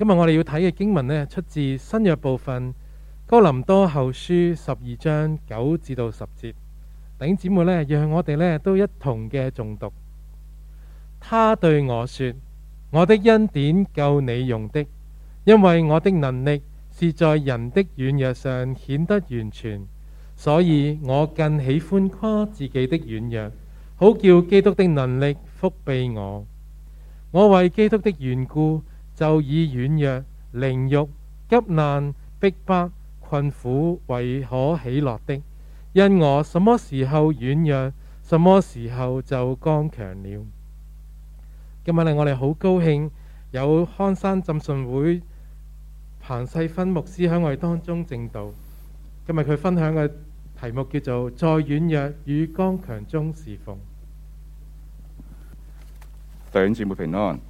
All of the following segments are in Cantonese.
今日我哋要睇嘅經文呢，出自新約部分哥林多後書十二章九至到十節，弟姊妹呢，讓我哋呢都一同嘅重讀。他對我說：我的恩典夠你用的，因為我的能力是在人的軟弱上顯得完全，所以我更喜歡誇自己的軟弱，好叫基督的能力覆庇我。我為基督的緣故。就以軟弱、凌辱、急難、逼迫、困苦為可喜樂的，因我什麼時候軟弱，什麼時候就剛強了。今日令我哋好高興有康山浸信會彭世芬牧師喺我哋當中正道。今日佢分享嘅題目叫做《在軟弱與剛強中侍奉》。弟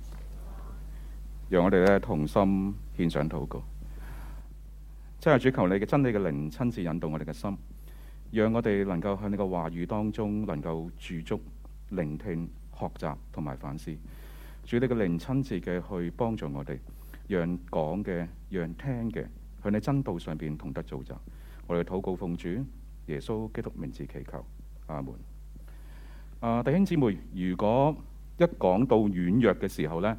讓我哋咧同心獻上禱告，真係主求你嘅真理嘅靈親自引導我哋嘅心，讓我哋能夠喺你嘅話語當中能夠駐足、聆聽、學習同埋反思。主，你嘅靈親自嘅去幫助我哋，讓講嘅、讓聽嘅向你真道上邊同得造就。我哋禱告奉主耶穌基督名字祈求，阿門。啊，弟兄姊妹，如果一講到軟弱嘅時候呢，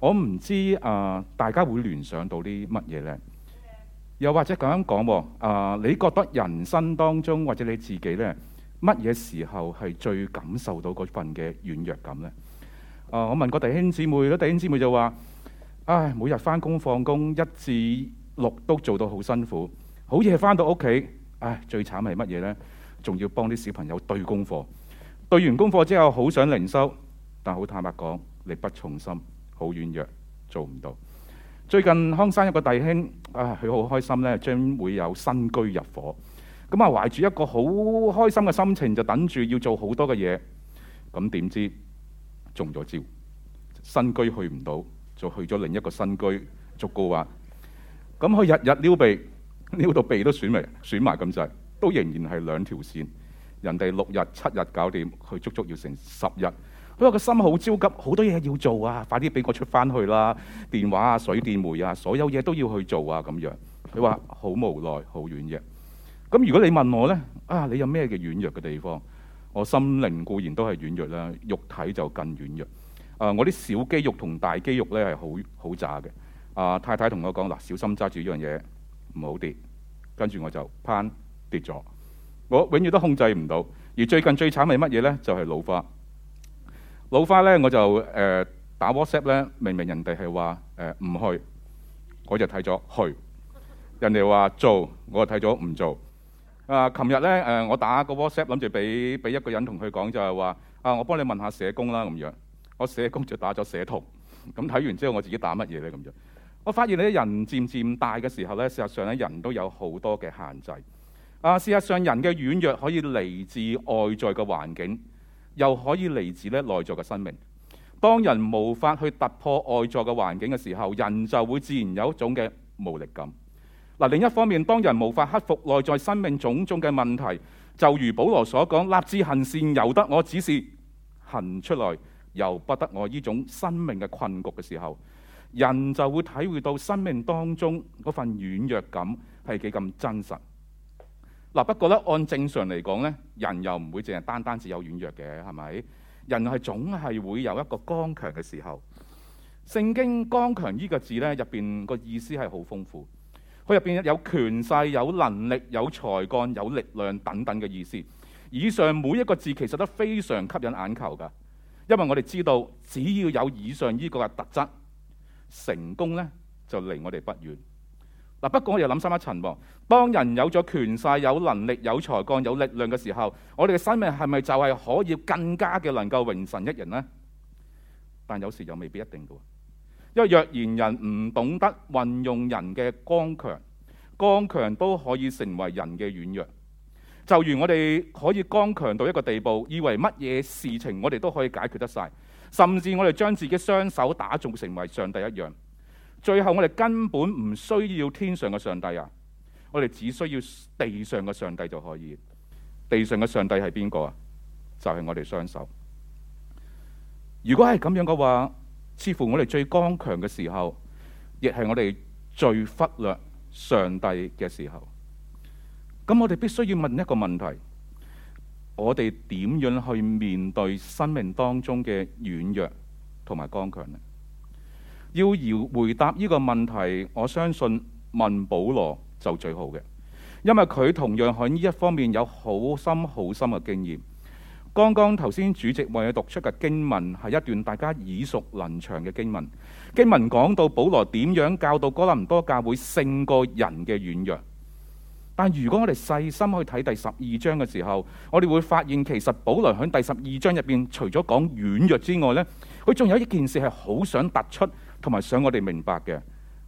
我唔知啊、呃，大家會聯想到啲乜嘢呢？Okay. 又或者咁樣講喎啊？你覺得人生當中或者你自己呢，乜嘢時候係最感受到嗰份嘅軟弱感呢？啊、呃！我問個弟兄姊妹，個弟兄姊妹就話，唉，每日返工放工一至六都做到好辛苦，好夜返到屋企，唉，最慘係乜嘢呢？仲要幫啲小朋友對功課，對完功課之後好想靈修，但好坦白講，力不從心。好軟弱，做唔到。最近康山一個弟兄啊，佢好開心咧，將會有新居入伙。咁啊，懷住一個好開心嘅心情，就等住要做好多嘅嘢。咁點知中咗招，新居去唔到，就去咗另一個新居，逐個話。咁佢日日撩鼻，撩到鼻都損埋，損埋咁滯，都仍然係兩條線。人哋六日、七日搞掂，佢足足要成十日。不過個心好焦急，好多嘢要做啊！快啲俾我出翻去啦！電話啊、水電煤啊，所有嘢都要去做啊！咁樣佢話好無奈，好軟弱。咁如果你問我呢，啊，你有咩嘅軟弱嘅地方？我心靈固然都係軟弱啦，肉體就更軟弱。啊，我啲小肌肉同大肌肉呢係好好渣嘅。啊，太太同我講嗱，小心揸住依樣嘢唔好跌。跟住我就攀跌咗，我永遠都控制唔到。而最近最慘係乜嘢呢？就係、是、老花。老花咧，我就誒、呃、打 WhatsApp 咧，明明人哋係話誒唔去，我就睇咗去。人哋話做，我就睇咗唔做。啊，琴日咧誒，我打個 WhatsApp 諗住俾俾一個人同佢講，就係話啊，我幫你問下社工啦咁樣。我社工就打咗社圖，咁睇完之後我自己打乜嘢咧咁樣？我發現咧，人漸漸大嘅時候咧，事實上咧人都有好多嘅限制。啊，事實上人嘅軟弱可以嚟自外在嘅環境。又可以嚟自咧內在嘅生命。當人無法去突破外在嘅環境嘅時候，人就會自然有一種嘅無力感。嗱，另一方面，當人無法克服內在生命種種嘅問題，就如保羅所講，立志行善，由得我，只是行出來，由不得我。呢種生命嘅困局嘅時候，人就會體會到生命當中嗰份軟弱感係幾咁真實。嗱，不過咧，按正常嚟講咧，人又唔會淨係單單只有軟弱嘅，係咪？人係總係會有一個剛強嘅時候。聖經剛強呢個字咧，入邊個意思係好豐富。佢入邊有權勢、有能力、有才幹、有力量等等嘅意思。以上每一個字其實都非常吸引眼球㗎，因為我哋知道，只要有以上呢個嘅特質，成功咧就離我哋不遠。不過我又諗深一層喎，當人有咗權勢、有能力、有才幹、有力量嘅時候，我哋嘅生命係咪就係可以更加嘅能夠榮神一人呢？但有時又未必一定嘅，因為若然人唔懂得運用人嘅剛強，剛強都可以成為人嘅軟弱。就如我哋可以剛強到一個地步，以為乜嘢事情我哋都可以解決得晒，甚至我哋將自己雙手打造成為上帝一樣。最後我哋根本唔需要天上嘅上帝啊，我哋只需要地上嘅上帝就可以。地上嘅上帝係邊個啊？就係我哋雙手。如果係咁樣嘅話，似乎我哋最剛強嘅時候，亦係我哋最忽略上帝嘅時候。咁我哋必須要問一個問題：我哋點樣去面對生命當中嘅軟弱同埋剛強呢？要回回答呢個問題，我相信問保羅就最好嘅，因為佢同樣喺呢一方面有好深好深嘅經驗。剛剛頭先主席為佢讀出嘅經文係一段大家耳熟能詳嘅經文。經文講到保羅點樣教導哥林多教會勝過人嘅軟弱，但如果我哋細心去睇第十二章嘅時候，我哋會發現其實保羅喺第十二章入邊除咗講軟弱之外呢，佢仲有一件事係好想突出。同埋，想我哋明白嘅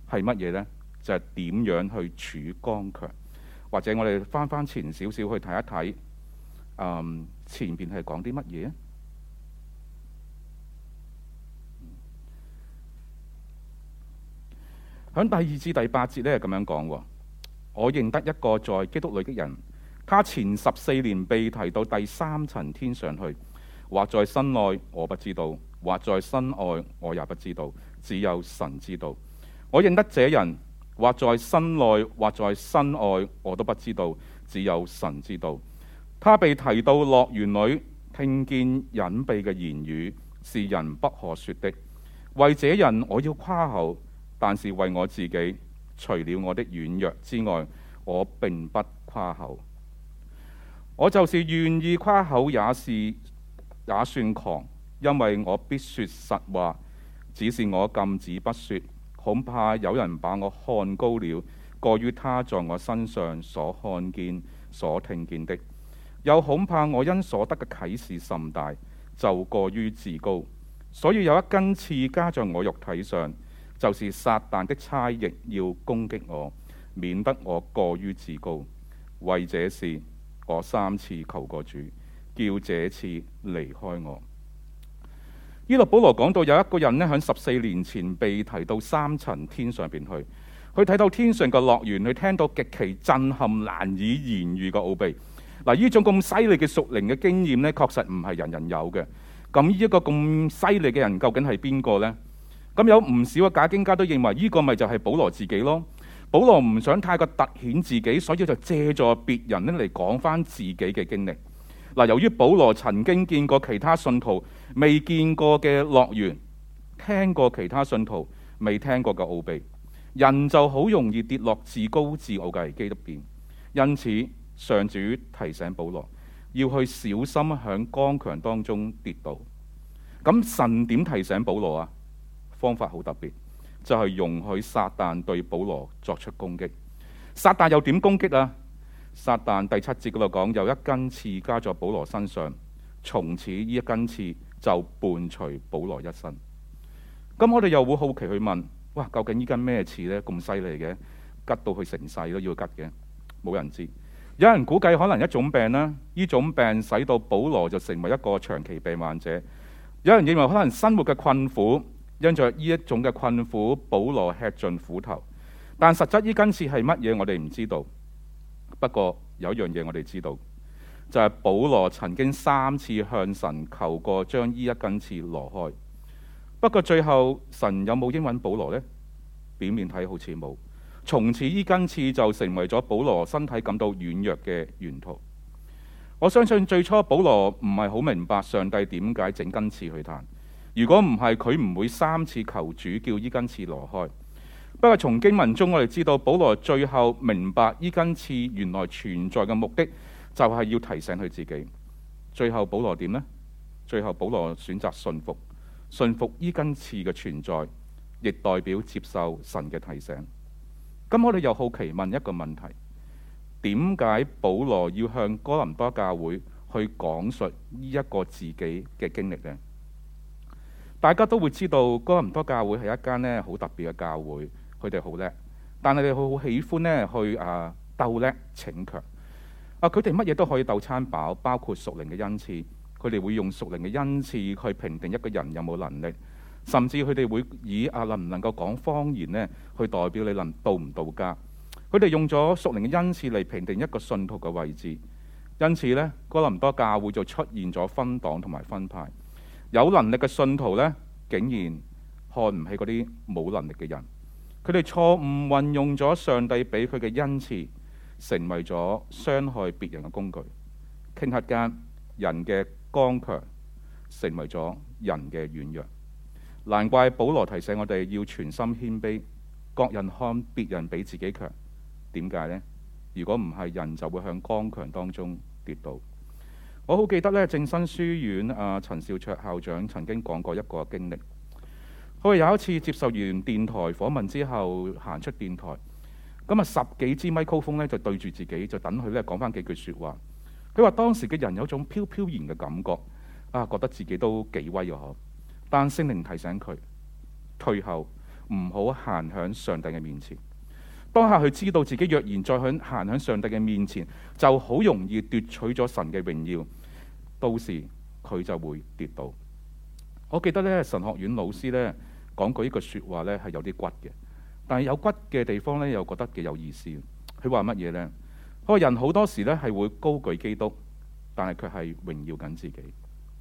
係乜嘢呢？就係、是、點樣去處剛強，或者我哋翻翻前少少去睇一睇、嗯。前面係講啲乜嘢呢？響第二至第八節呢，咁樣講。我認得一個在基督裏的人，他前十四年被提到第三層天上去，或在身外，我不知道；或在身外，我也不知道。只有神知道，我認得這人，或在身內，或在身外，我都不知道。只有神知道。他被提到樂園裏，聽見隱蔽嘅言語，是人不可說的。為這人我要誇口，但是為我自己，除了我的軟弱之外，我並不誇口。我就是願意誇口，也是也算狂，因為我必說實話。只是我禁止不說，恐怕有人把我看高了，過於他在我身上所看見、所聽見的；又恐怕我因所得嘅啟示甚大，就過於自高。所以有一根刺加在我肉體上，就是撒旦的差役要攻擊我，免得我過於自高。為這事，我三次求過主，叫這刺離開我。呢度保羅講到有一個人呢，喺十四年前被提到三層天上邊去，佢睇到天上嘅樂園，佢聽到極其震撼難以言喻嘅奧秘。嗱，呢種咁犀利嘅屬靈嘅經驗呢，確實唔係人人有嘅。咁呢一個咁犀利嘅人究竟係邊個呢？咁有唔少嘅假經家都認為呢個咪就係保羅自己咯。保羅唔想太過突顯自己，所以就借助別人呢嚟講返自己嘅經歷。嗱，由於保羅曾經見過其他信徒未見過嘅樂園，聽過其他信徒未聽過嘅奧秘，人就好容易跌落自高自傲嘅危機入邊。因此，上主提醒保羅要去小心喺剛強當中跌倒。咁神點提醒保羅啊？方法好特別，就係容許撒旦對保羅作出攻擊。撒旦又點攻擊啊？撒旦第七節嗰度講，有一根刺加咗保羅身上，從此呢一根刺就伴隨保羅一生。咁我哋又會好奇去問：哇，究竟呢根咩刺呢？咁犀利嘅，吉到去成世都要吉嘅，冇人知。有人估計可能一種病呢，呢種病使到保羅就成為一個長期病患者。有人認為可能生活嘅困苦，因着呢一種嘅困苦，保羅吃盡苦頭。但實質呢根刺係乜嘢，我哋唔知道。不過有一樣嘢我哋知道，就係、是、保羅曾經三次向神求過將呢一根刺挪開。不過最後神有冇應允保羅呢？表面睇好似冇。從此呢根刺就成為咗保羅身體感到軟弱嘅源頭。我相信最初保羅唔係好明白上帝點解整根刺去彈。如果唔係，佢唔會三次求主叫呢根刺挪開。不過從經文中我哋知道，保羅最後明白呢根刺原來存在嘅目的，就係要提醒佢自己。最後保羅點呢？最後保羅選擇信服，信服呢根刺嘅存在，亦代表接受神嘅提醒。咁我哋又好奇問一個問題：點解保羅要向哥林多教會去講述呢一個自己嘅經歷呢？大家都會知道，哥林多教會係一間呢好特別嘅教會。佢哋好叻，但係佢哋好喜歡呢，去啊，鬥叻逞強。啊！佢哋乜嘢都可以鬥餐飽，包括屬靈嘅恩賜。佢哋會用屬靈嘅恩賜去評定一個人有冇能力，甚至佢哋會以啊，能唔能夠講方言呢去代表你能到唔到家。佢哋用咗屬靈嘅恩賜嚟評定一個信徒嘅位置，因此呢，哥林多教會就出現咗分黨同埋分派。有能力嘅信徒呢，竟然看唔起嗰啲冇能力嘅人。佢哋錯誤運用咗上帝俾佢嘅恩賜，成為咗傷害別人嘅工具。頃刻間，人嘅剛強成為咗人嘅軟弱。難怪保羅提醒我哋要全心謙卑，各人看別人比自己強。點解呢？如果唔係，人就會向剛強當中跌倒。我好記得咧，正生書院啊、呃，陳兆焯校長曾經講過一個經歷。佢話有一次接受完電台訪問之後，行出電台，咁啊十幾支咪高峰呢，就對住自己，就等佢咧講翻幾句説話。佢話當時嘅人有種飄飄然嘅感覺，啊覺得自己都幾威啊！但聖靈提醒佢退後，唔好行響上帝嘅面前。當下佢知道自己若然再響行響上帝嘅面前，就好容易奪取咗神嘅榮耀，到時佢就會跌倒。我記得呢神學院老師呢，講過呢句說話呢，係有啲骨嘅。但係有骨嘅地方呢，又覺得幾有意思。佢話乜嘢呢？個人好多時呢，係會高舉基督，但係佢係榮耀緊自己，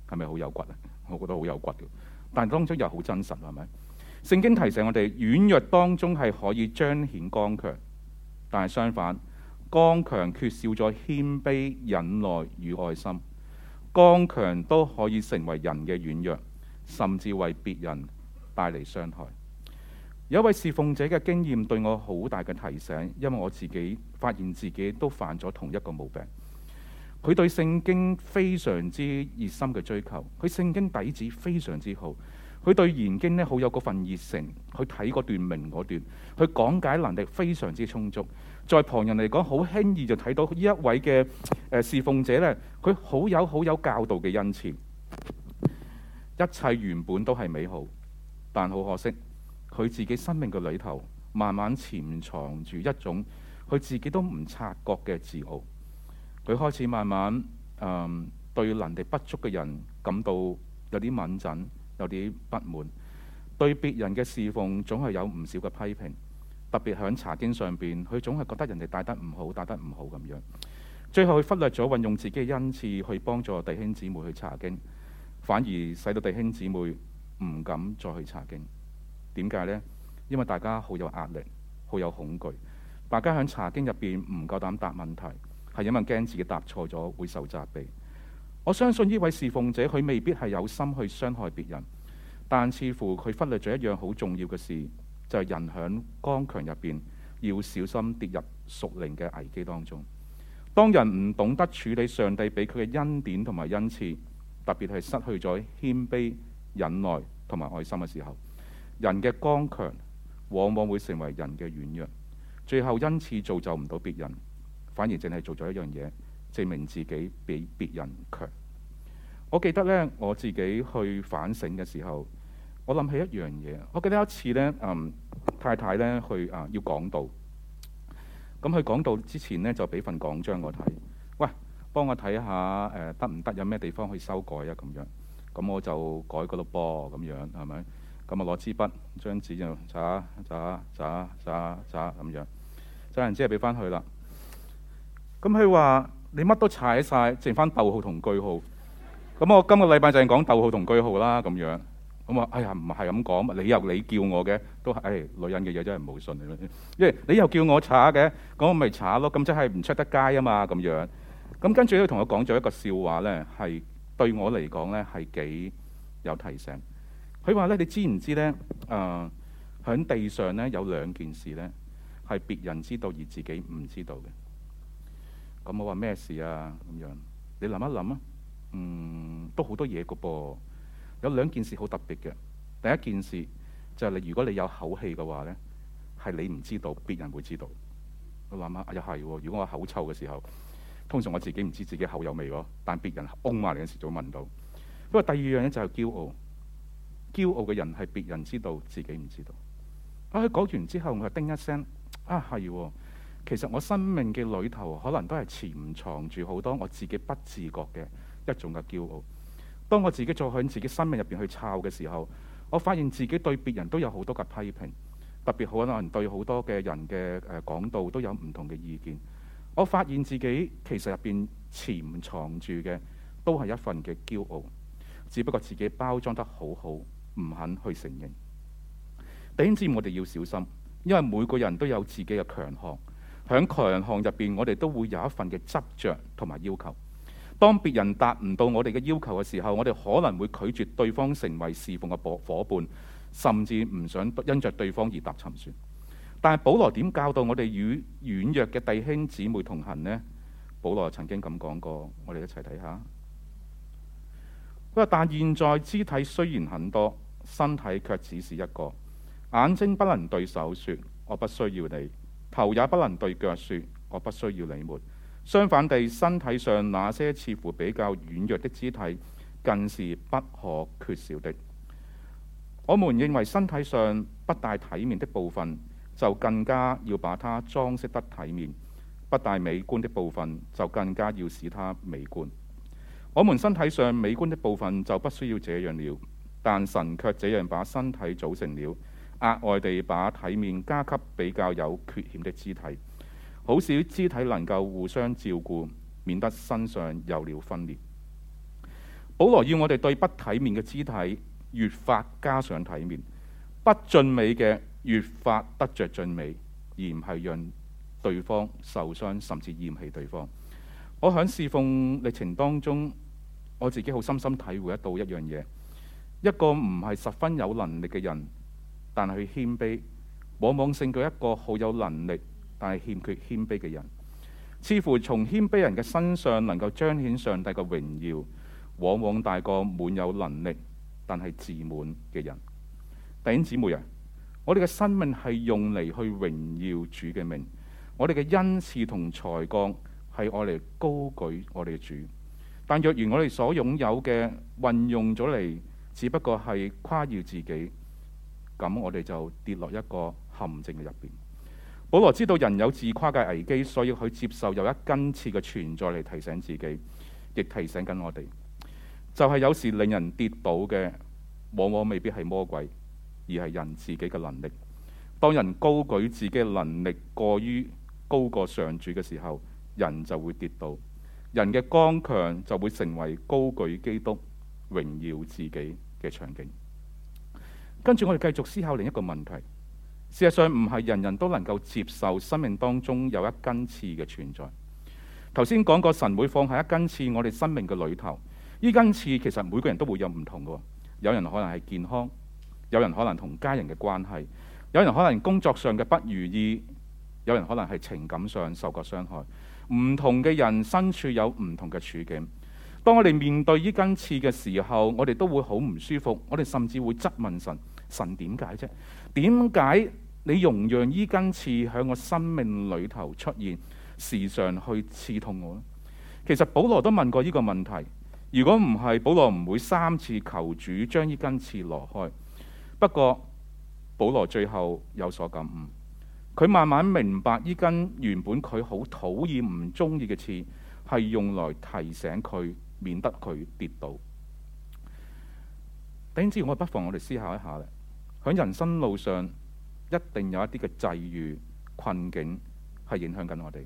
係咪好有骨啊？我覺得好有骨嘅。但係當中又好真實，係咪？聖經提醒我哋，軟弱當中係可以彰顯剛強，但係相反，剛強缺少咗謙卑、忍耐與愛心。剛強都可以成為人嘅軟弱，甚至為別人。帶嚟傷害。有一位侍奉者嘅經驗對我好大嘅提醒，因爲我自己發現自己都犯咗同一個毛病。佢對聖經非常之熱心嘅追求，佢聖經底子非常之好。佢對研經呢，好有嗰份熱誠，去睇嗰段明嗰段，佢講解能力非常之充足。在旁人嚟講，好輕易就睇到呢一位嘅誒、呃、侍奉者呢，佢好有好有教導嘅恩賜。一切原本都係美好。但好可惜，佢自己生命嘅裏頭，慢慢潛藏住一種佢自己都唔察覺嘅自豪。佢開始慢慢，嗯，對能力不足嘅人感到有啲敏感，有啲不滿。對別人嘅侍奉總係有唔少嘅批評，特別喺查經上面，佢總係覺得人哋帶得唔好，帶得唔好咁樣。最後佢忽略咗運用自己嘅恩賜去幫助弟兄姊妹去查經，反而使到弟兄姊妹，唔敢再去查經，點解呢？因為大家好有壓力，好有恐懼。大家喺查經入邊唔夠膽答問題，係因為驚自己答錯咗會受責備。我相信呢位侍奉者，佢未必係有心去傷害別人，但似乎佢忽略咗一樣好重要嘅事，就係、是、人喺剛強入邊要小心跌入屬靈嘅危機當中。當人唔懂得處理上帝俾佢嘅恩典同埋恩賜，特別係失去咗謙卑，忍耐同埋愛心嘅時候，人嘅剛強往往會成為人嘅軟弱，最後因此造就唔到別人，反而淨係做咗一樣嘢，證明自己比別人強。我記得呢，我自己去反省嘅時候，我諗起一樣嘢。我記得一次呢，嗯，太太呢去啊要講道，咁佢講道之前呢，就俾份講章我睇。喂，幫我睇下誒得唔得，有咩地方可以修改啊咁樣。咁、嗯、我就改嗰度噃，咁樣係咪？咁啊攞支筆，張紙就擦擦擦擦擦咁樣，真係之後俾翻佢啦。咁佢話：你乜都踩晒，剩翻逗號同句號。咁、嗯、我今個禮拜就係講逗號同句號啦，咁樣。咁、嗯、話：哎呀，唔係咁講，你又你叫我嘅，都係、哎、女人嘅嘢真係無信嚟㗎。因為你又叫我查嘅，咁我咪查咯。咁真係唔出得街啊嘛，咁樣。咁、嗯、跟住佢同我講咗一個笑話咧，係。對我嚟講呢係幾有提醒的。佢話呢，你知唔知呢？誒、呃，響地上呢，有兩件事呢係別人知道而自己唔知道嘅。咁、嗯、我話咩事啊？咁樣你諗一諗啊？嗯，都好多嘢個噃。有兩件事好特別嘅。第一件事就係、係、你如果你有口氣嘅話呢，係你唔知道，別人會知道。我諗下，又係喎！如果我口臭嘅時候。通常我自己唔知自己口有味喎，但係別人嗡埋嚟嘅時早會聞到。不過第二樣嘢就係驕傲，驕傲嘅人係別人知道自己唔知道。我、啊、佢講完之後，我就叮一聲：啊，係！其實我生命嘅裏頭可能都係潛藏住好多我自己不自覺嘅一種嘅驕傲。當我自己再向自己生命入面去抄嘅時候，我發現自己對別人都有好多嘅批評，特別可能對好多嘅人嘅誒講道都有唔同嘅意見。我發現自己其實入邊潛藏住嘅都係一份嘅驕傲，只不過自己包裝得好好，唔肯去承認。第二，知我哋要小心，因為每個人都有自己嘅強項，響強項入面，我哋都會有一份嘅執着同埋要求。當別人達唔到我哋嘅要求嘅時候，我哋可能會拒絕對方成為侍奉嘅伙伴，甚至唔想因着對方而搭沉船。但係，保羅點教導我哋與軟弱嘅弟兄姊妹同行呢？保羅曾經咁講過，我哋一齊睇下。不過，佢話：但現在肢體雖然很多，身體卻只是一個；眼睛不能對手說我不需要你，頭也不能對腳說我不需要你們。相反地，身體上那些似乎比較軟弱的肢體，更是不可缺少的。我們認為身體上不大體面的部分。就更加要把它裝飾得體面，不大美觀的部分就更加要使它美觀。我們身體上美觀的部分就不需要這樣了，但神卻這樣把身體組成了，額外地把體面加給比較有缺陷的肢體。好少肢體能夠互相照顧，免得身上有了分裂。保羅要我哋對不體面嘅肢體越發加上體面，不盡美嘅。越發得着盡美，而唔係讓對方受傷，甚至嫌棄對方。我響侍奉歷程當中，我自己好深深體會得到一樣嘢，一個唔係十分有能力嘅人，但係謙卑，往往勝過一個好有能力但係欠缺謙卑嘅人。似乎從謙卑人嘅身上能夠彰顯上帝嘅榮耀，往往大過滿有能力但係自滿嘅人。弟兄姊妹啊！我哋嘅生命係用嚟去榮耀主嘅命，我哋嘅恩賜同才幹係我嚟高舉我哋嘅主。但若然我哋所擁有嘅運用咗嚟，只不過係誇耀自己，咁我哋就跌落一個陷阱嘅入邊。保羅知道人有自誇嘅危機，所以佢接受有一根刺嘅存在嚟提醒自己，亦提醒緊我哋，就係、是、有時令人跌倒嘅，往往未必係魔鬼。而係人自己嘅能力。當人高舉自己嘅能力過於高過上主嘅時候，人就會跌倒。人嘅剛強就會成為高舉基督、榮耀自己嘅場景。跟住我哋繼續思考另一個問題。事實上，唔係人人都能夠接受生命當中有一根刺嘅存在。頭先講過，神會放下一根刺我哋生命嘅裏頭。呢根刺其實每個人都會有唔同嘅。有人可能係健康。有人可能同家人嘅關係，有人可能工作上嘅不如意，有人可能係情感上受過傷害，唔同嘅人身處有唔同嘅處境。當我哋面對呢根刺嘅時候，我哋都會好唔舒服，我哋甚至會質問神：神點解啫？點解你容讓呢根刺喺我生命裏頭出現，時常去刺痛我呢？其實保羅都問過呢個問題。如果唔係，保羅唔會三次求主將呢根刺挪開。不過保羅最後有所感悟，佢慢慢明白呢根原本佢好討厭、唔中意嘅刺，係用來提醒佢，免得佢跌倒。等之，我不妨我哋思考一下咧。喺人生路上，一定有一啲嘅際遇、困境係影響緊我哋。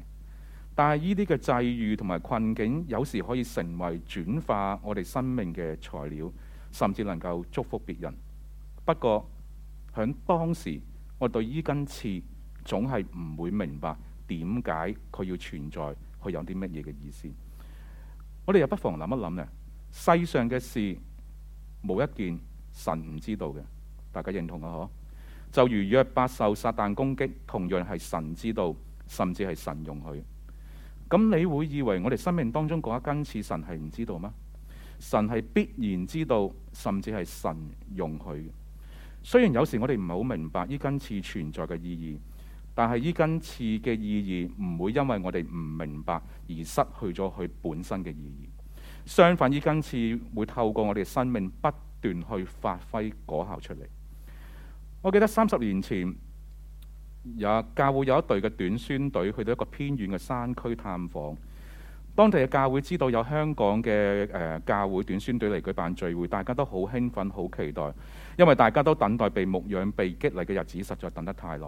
但係呢啲嘅際遇同埋困境，有時可以成為轉化我哋生命嘅材料，甚至能夠祝福別人。不過喺當時，我對呢根刺總係唔會明白點解佢要存在，佢有啲乜嘢嘅意思。我哋又不妨諗一諗呢，世上嘅事冇一件神唔知道嘅，大家認同啊？可就如約伯受撒旦攻擊，同樣係神知道，甚至係神容許。咁你會以為我哋生命當中嗰一根刺，神係唔知道嗎？神係必然知道，甚至係神容許。雖然有時我哋唔係好明白呢根刺存在嘅意義，但係呢根刺嘅意義唔會因為我哋唔明白而失去咗佢本身嘅意義。相反，呢根刺會透過我哋嘅生命不斷去發揮果效出嚟。我記得三十年前，有教會有一隊嘅短宣隊去到一個偏遠嘅山區探訪。當地嘅教會知道有香港嘅誒、呃、教會短宣隊嚟舉辦聚會，大家都好興奮，好期待，因為大家都等待被牧養、被激勵嘅日子，實在等得太耐。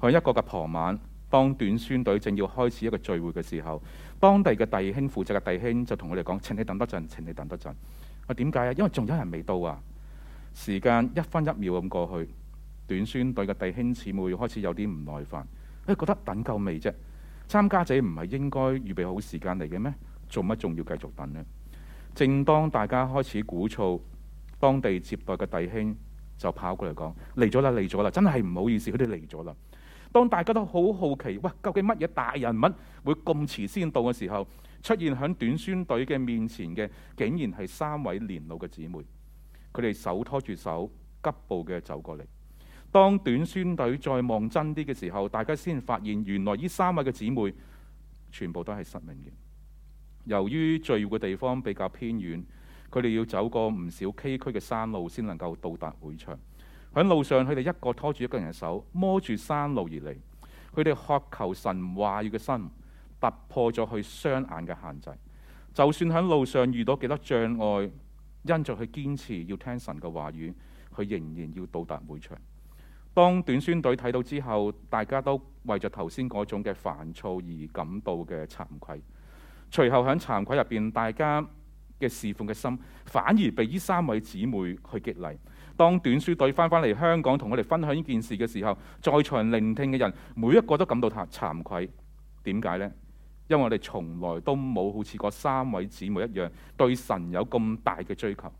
喺一個嘅傍晚，當短宣隊正要開始一個聚會嘅時候，當地嘅弟兄負責嘅弟兄就同我哋講：請你等多陣，請你等多陣。我點解啊？因為仲有人未到啊！時間一分一秒咁過去，短宣隊嘅弟兄姊妹開始有啲唔耐煩，哎，覺得等夠未啫？參加者唔係應該預備好時間嚟嘅咩？做乜仲要繼續等呢？正當大家開始鼓噪，當地接待嘅弟兄就跑過嚟講：嚟咗啦，嚟咗啦！真係唔好意思，佢哋嚟咗啦。當大家都好好奇，哇！究竟乜嘢大人物會咁遲先到嘅時候，出現喺短宣隊嘅面前嘅，竟然係三位年老嘅姊妹。佢哋手拖住手，急步嘅走過嚟。當短宣隊再望真啲嘅時候，大家先發現原來呢三位嘅姊妹全部都係失明嘅。由於聚會嘅地方比較偏遠，佢哋要走過唔少崎嶇嘅山路先能夠到達會場。喺路上，佢哋一個拖住一個人嘅手，摸住山路而嚟。佢哋渴求神話語嘅心，突破咗佢雙眼嘅限制。就算喺路上遇到幾多障礙，因着佢堅持要聽神嘅話語，佢仍然要到達會場。當短宣隊睇到之後，大家都為着頭先嗰種嘅煩躁而感到嘅慚愧。隨後喺慚愧入邊，大家嘅侍奉嘅心反而被呢三位姊妹去激勵。當短宣隊翻返嚟香港同我哋分享呢件事嘅時候，在場聆聽嘅人每一個都感到慚愧。點解呢？因為我哋從來都冇好似嗰三位姊妹一樣，對神有咁大嘅追求。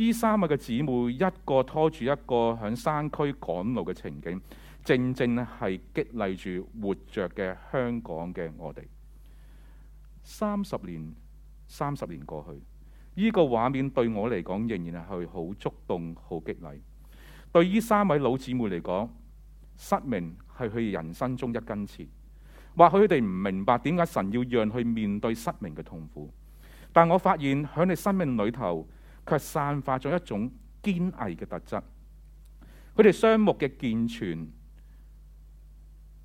呢三位嘅姊妹，一個拖住一個喺山區趕路嘅情景，正正係激勵住活着嘅香港嘅我哋。三十年，三十年過去，呢個畫面對我嚟講仍然係好觸動、好激勵。對於三位老姊妹嚟講，失明係佢人生中一根刺。或許佢哋唔明白點解神要讓佢面對失明嘅痛苦，但我發現喺你生命裏頭。卻散發咗一種堅毅嘅特質。佢哋雙目嘅健全，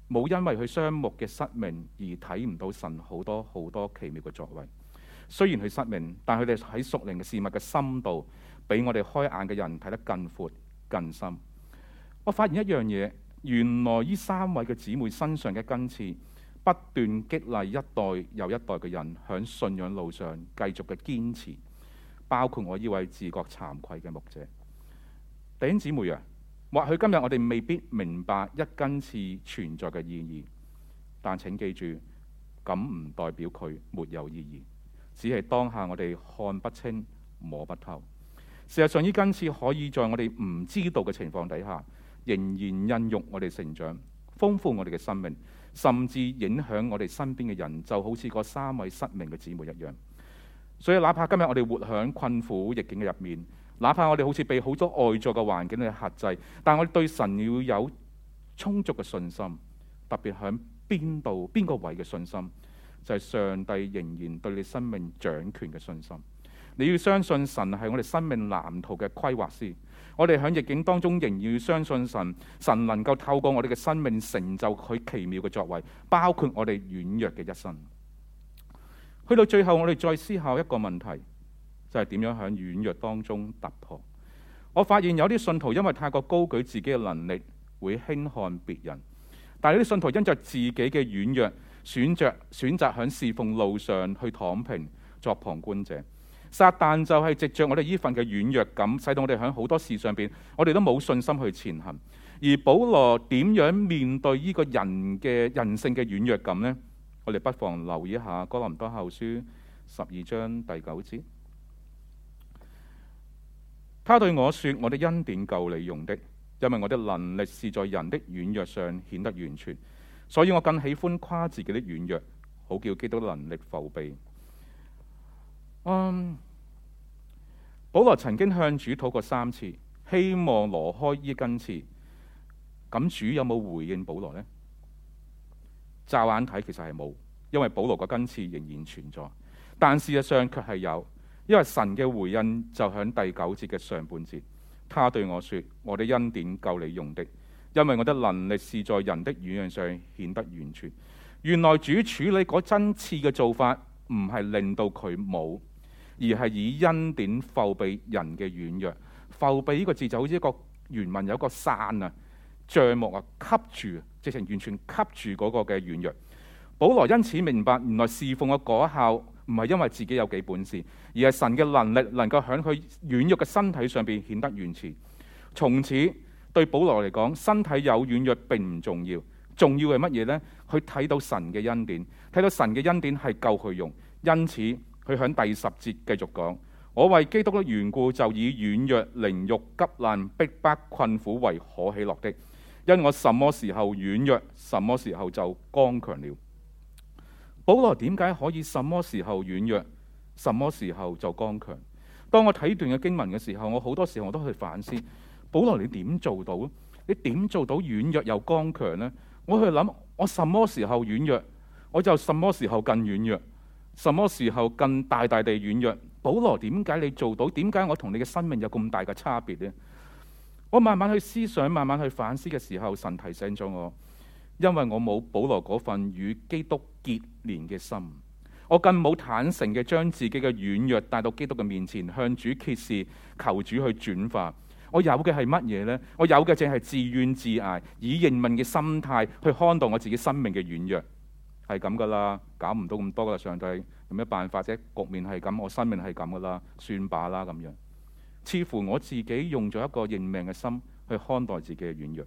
冇因為佢雙目嘅失明而睇唔到神好多好多奇妙嘅作為。雖然佢失明，但佢哋喺屬靈嘅事物嘅深度，比我哋開眼嘅人睇得更闊、更深。我發現一樣嘢，原來呢三位嘅姊妹身上嘅根刺，不斷激勵一代又一代嘅人喺信仰路上繼續嘅堅持。包括我呢位自覺慚愧嘅牧者，弟兄姊妹啊，或許今日我哋未必明白一根刺存在嘅意義，但請記住，咁唔代表佢沒有意義，只係當下我哋看不清、摸不透。事實上，呢根刺可以在我哋唔知道嘅情況底下，仍然孕育我哋成長，豐富我哋嘅生命，甚至影響我哋身邊嘅人，就好似嗰三位失明嘅姊妹一樣。所以，哪怕今日我哋活響困苦逆境嘅入面，哪怕我哋好似被好多外在嘅環境去限制，但我哋對神要有充足嘅信心，特別響邊度邊個位嘅信心，就係上帝仍然對你生命掌權嘅信心。你要相信神係我哋生命藍圖嘅規劃師。我哋響逆境當中仍然要相信神，神能夠透過我哋嘅生命成就佢奇妙嘅作為，包括我哋軟弱嘅一生。去到最後，我哋再思考一個問題，就係點樣喺軟弱當中突破？我發現有啲信徒因為太過高舉自己嘅能力，會輕看別人，但係啲信徒因着自己嘅軟弱，選擇選擇喺侍奉路上去躺平，作旁觀者。撒旦就係藉着我哋依份嘅軟弱感，使到我哋喺好多事上邊，我哋都冇信心去前行。而保羅點樣面對呢個人嘅人性嘅軟弱感呢？我哋不妨留意一下《哥林多後書》十二章第九節，他對我說：我的恩典夠你用的，因為我的能力是在人的軟弱上顯得完全，所以我更喜歡誇自己的軟弱，好叫基督能力覆庇。嗯、um，保羅曾經向主禱過三次，希望挪開呢根刺，咁主有冇回應保羅呢？驟眼睇其實係冇，因為保羅個根刺仍然存在，但事實上卻係有，因為神嘅回應就響第九節嘅上半節，他對我說：我的恩典夠你用的，因為我的能力是在人的軟弱上顯得完全。原來主處理嗰針刺嘅做法，唔係令到佢冇，而係以恩典覆庇人嘅軟弱。覆庇呢個字就好似一個原文有個山啊，帳幕啊，吸住。直情完全吸住嗰個嘅軟弱，保羅因此明白，原來侍奉嘅果效唔係因為自己有幾本事，而係神嘅能力能夠響佢軟弱嘅身體上邊顯得完全。從此對保羅嚟講，身體有軟弱並唔重要，重要係乜嘢呢？去睇到神嘅恩典，睇到神嘅恩典係夠佢用。因此，佢響第十節繼續講：我為基督嘅緣故，就以軟弱、凌辱、急難、逼迫、困苦為可喜樂的。因我什麼時候軟弱，什麼時候就剛強了。保羅點解可以什麼時候軟弱，什麼時候就剛強？當我睇段嘅經文嘅時候，我好多時候我都去反思：保羅你點做到？你點做到軟弱又剛強呢？我去諗，我什麼時候軟弱，我就什麼時候更軟弱；什麼時候更大大地軟弱。保羅點解你做到？點解我同你嘅生命有咁大嘅差別呢？我慢慢去思想，慢慢去反思嘅時候，神提醒咗我，因為我冇保羅嗰份與基督結連嘅心，我更冇坦誠嘅將自己嘅軟弱帶到基督嘅面前，向主揭示，求主去轉化。我有嘅係乜嘢咧？我有嘅淨係自怨自艾，以認命嘅心態去看待我自己生命嘅軟弱，係咁噶啦，搞唔到咁多噶啦，上帝有咩辦法啫？局面係咁，我生命係咁噶啦，算罷啦咁樣。似乎我自己用咗一個認命嘅心去看待自己嘅軟弱，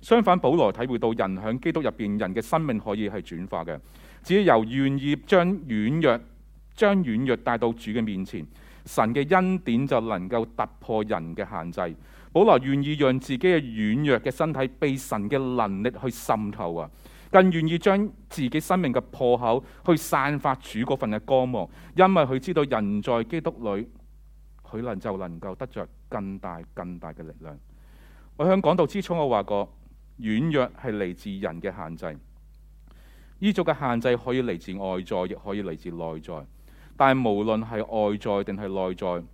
相反保羅體會到人喺基督入邊，人嘅生命可以係轉化嘅。只要由願意將軟弱將軟弱帶到主嘅面前，神嘅恩典就能夠突破人嘅限制。保羅願意讓自己嘅軟弱嘅身體被神嘅能力去滲透啊，更願意將自己生命嘅破口去散發主嗰份嘅光芒，因為佢知道人在基督裏。佢能就能夠得着更大、更大嘅力量，我在我。我喺講道之初，我話過軟弱係嚟自人嘅限制。依種嘅限制可以嚟自外在，亦可以嚟自內在。但係無論係外在定係內在，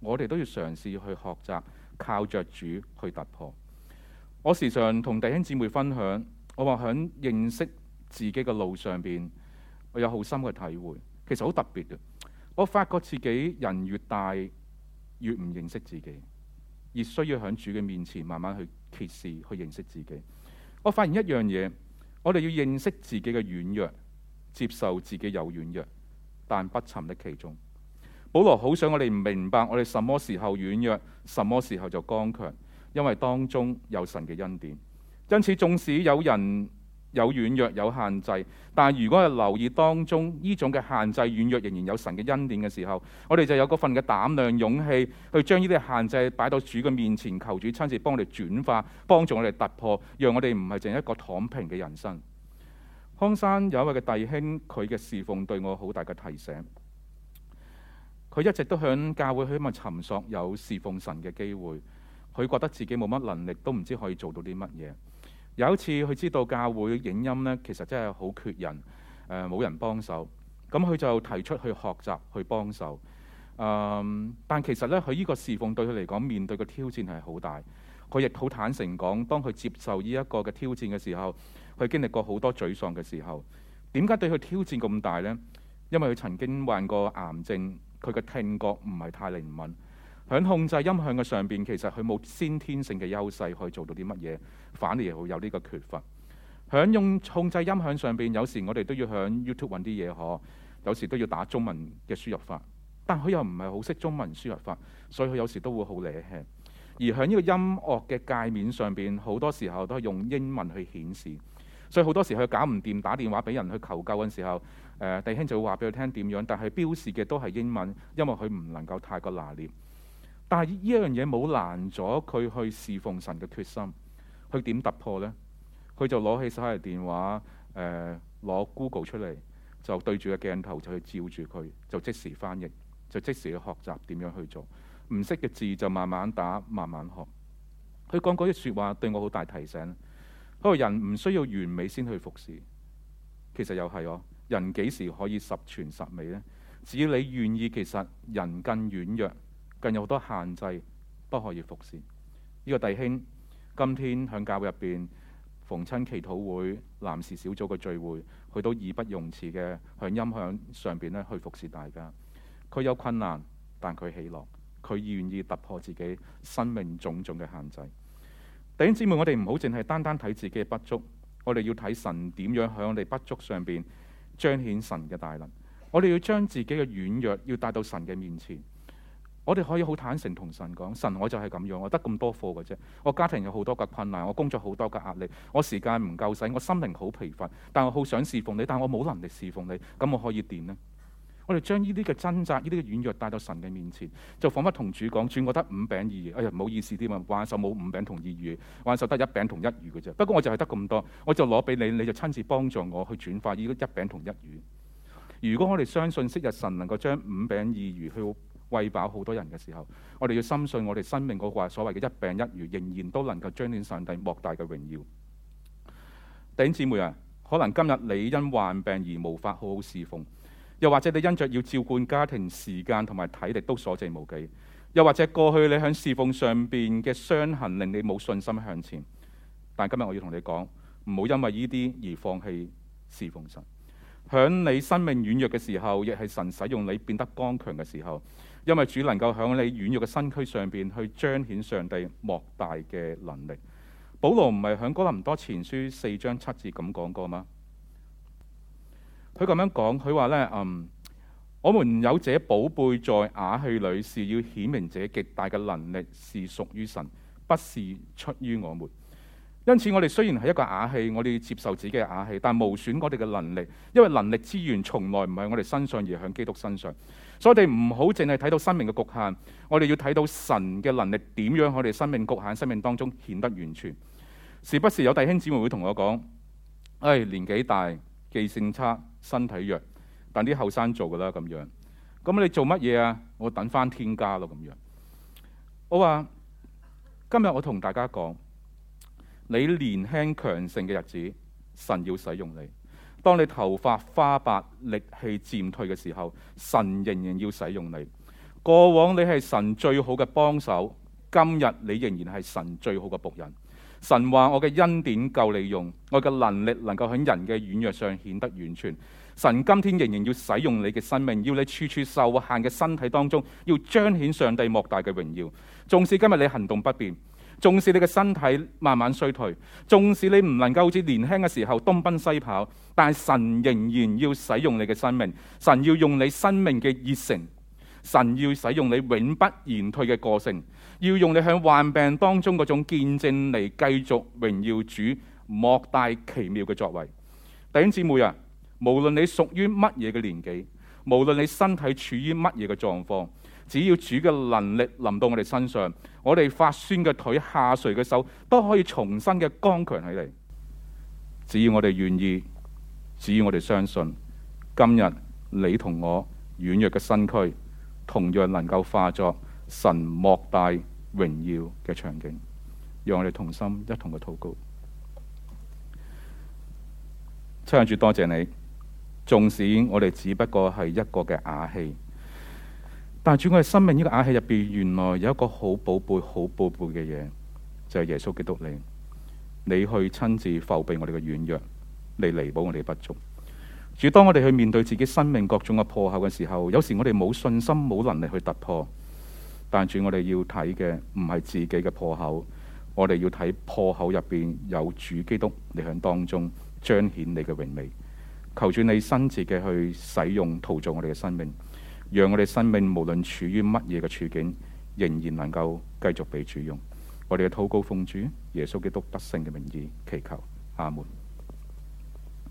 我哋都要嘗試去學習，靠着主去突破。我時常同弟兄姊妹分享，我話響認識自己嘅路上邊，我有好深嘅體會。其實好特別嘅，我發覺自己人越大。越唔認識自己，越需要喺主嘅面前慢慢去揭示，去認識自己。我發現一樣嘢，我哋要認識自己嘅軟弱，接受自己有軟弱，但不沉溺其中。保羅好想我哋唔明白，我哋什麼時候軟弱，什麼時候就剛強，因為當中有神嘅恩典。因此，縱使有人有軟弱有限制，但如果係留意當中呢種嘅限制、軟弱，仍然有神嘅恩典嘅時候，我哋就有嗰份嘅膽量、勇氣去將呢啲限制擺到主嘅面前，求主親自幫我哋轉化，幫助我哋突破，讓我哋唔係淨係一個躺平嘅人生。康山有一位嘅弟兄，佢嘅侍奉對我好大嘅提醒。佢一直都向教會去問尋索有侍奉神嘅機會，佢覺得自己冇乜能力，都唔知可以做到啲乜嘢。有一次佢知道教會影音呢，其實真係好缺人，誒冇人幫手，咁佢就提出去學習，去幫手。誒，但其實呢，佢呢個侍奉對佢嚟講，面對嘅挑戰係好大。佢亦好坦誠講，當佢接受呢一個嘅挑戰嘅時候，佢經歷過好多沮喪嘅時候。點解對佢挑戰咁大呢？因為佢曾經患過癌症，佢嘅聽覺唔係太靈敏。響控制音響嘅上邊，其實佢冇先天性嘅優勢可以做到啲乜嘢，反而會有呢個缺乏。響用控制音響上邊，有時我哋都要響 YouTube 揾啲嘢嗬，有時都要打中文嘅輸入法，但佢又唔係好識中文輸入法，所以佢有時都會好惹氣。而響呢個音樂嘅界面上邊，好多時候都係用英文去顯示，所以好多時佢搞唔掂。打電話俾人去求救嘅時候，誒、呃、弟兄就會話俾佢聽點樣，但係標示嘅都係英文，因為佢唔能夠太過拿捏。但係呢樣嘢冇難咗佢去侍奉神嘅決心，佢點突破呢？佢就攞起手提電話，誒、呃、攞 Google 出嚟，就對住個鏡頭就去照住佢，就即時翻譯，就即時去學習點樣去做。唔識嘅字就慢慢打，慢慢學。佢講嗰啲説話對我好大提醒。佢話人唔需要完美先去服侍，其實又係喎。人幾時可以十全十美呢？只要你願意，其實人更軟弱。更有好多限制，不可以服侍。呢、這個弟兄今天喺教會入邊，逢親祈禱會、男士小組嘅聚會，去到義不容辭嘅響音響上邊咧去服侍大家。佢有困難，但佢喜樂，佢願意突破自己生命種種嘅限制。弟兄姊妹，我哋唔好淨係單單睇自己嘅不足，我哋要睇神點樣響我哋不足上邊彰顯神嘅大能。我哋要將自己嘅軟弱要帶到神嘅面前。我哋可以好坦誠同神講，神，我就係咁樣，我得咁多貨嘅啫。我家庭有好多嘅困難，我工作好多嘅壓力，我時間唔夠使，我心靈好疲乏，但我好想侍奉你，但我冇能力侍奉你，咁我可以點呢？我哋將呢啲嘅掙扎、呢啲嘅軟弱帶到神嘅面前，就彷彿同主講：主，我得五餅二魚，哎呀，唔好意思啲嘛，患受冇五餅同二魚，患受得一餅同一魚嘅啫。不過我就係得咁多，我就攞俾你，你就親自幫助我去轉化，呢個一餅同一魚。如果我哋相信昔日神能夠將五餅二魚去，餵飽好多人嘅時候，我哋要深信我哋生命嗰個所謂嘅一病一如，仍然都能夠彰顯上帝莫大嘅榮耀。弟兄姊妹啊，可能今日你因患病而無法好好侍奉，又或者你因着要照顧家庭時間同埋體力都所剩無幾，又或者過去你響侍奉上邊嘅傷痕令你冇信心向前。但今日我要同你講，唔好因為呢啲而放棄侍奉神。響你生命軟弱嘅時候，亦係神使用你變得剛強嘅時候。因為主能夠喺你軟弱嘅身軀上邊去彰顯上帝莫大嘅能力。保羅唔係喺哥林多前書四章七節咁講過嗎？佢咁樣講，佢話呢：「嗯，我們有這寶貝在瓦器裏，是要顯明這極大嘅能力是屬於神，不是出於我們。因此，我哋雖然係一個瓦器，我哋接受自己嘅瓦器，但無損我哋嘅能力，因為能力之源從來唔喺我哋身上，而響基督身上。所以我哋唔好淨係睇到生命嘅局限，我哋要睇到神嘅能力點樣喺我哋生命局限、生命當中顯得完全。時不時有弟兄姊妹會同我講：，唉、哎，年紀大、記性差、身體弱，等啲後生做噶啦咁樣。咁你做乜嘢啊？我等翻天家咯咁樣。好啊，今日我同大家講，你年輕強盛嘅日子，神要使用你。當你頭髮花白，力氣漸退嘅時候，神仍然要使用你。過往你係神最好嘅幫手，今日你仍然係神最好嘅僕人。神話我嘅恩典夠你用，我嘅能力能夠喺人嘅軟弱上顯得完全。神今天仍然要使用你嘅生命，要你處處受限嘅身體當中，要彰顯上帝莫大嘅榮耀。縱使今日你行動不便。縱使你嘅身體慢慢衰退，縱使你唔能夠好似年輕嘅時候東奔西跑，但係神仍然要使用你嘅生命，神要用你生命嘅熱誠，神要使用你永不言退嘅個性，要用你喺患病當中嗰種見證嚟繼續榮耀主莫大奇妙嘅作為。弟兄姊妹啊，無論你屬於乜嘢嘅年紀，無論你身體處於乜嘢嘅狀況。只要主嘅能力臨到我哋身上，我哋發痠嘅腿，下垂嘅手都可以重新嘅剛強起嚟。只要我哋願意，只要我哋相信，今日你同我軟弱嘅身軀，同樣能夠化作神莫大榮耀嘅場景。讓我哋同心一同嘅禱告。親愛的主，多謝你，縱使我哋只不過係一個嘅瓦器。但主我哋生命呢個瓦器入邊，原來有一個好寶貝、好寶貝嘅嘢，就係、是、耶穌基督你，你去親自覆庇我哋嘅軟弱，你彌補我哋不足。主，當我哋去面對自己生命各種嘅破口嘅時候，有時我哋冇信心、冇能力去突破。但主我哋要睇嘅唔係自己嘅破口，我哋要睇破口入邊有主基督你喺當中彰顯你嘅榮美。求主你親自嘅去使用，陶造我哋嘅生命。讓我哋生命無論處於乜嘢嘅處境，仍然能夠繼續被主用。我哋嘅禱告奉主耶穌基督得勝嘅名義，祈求，阿門。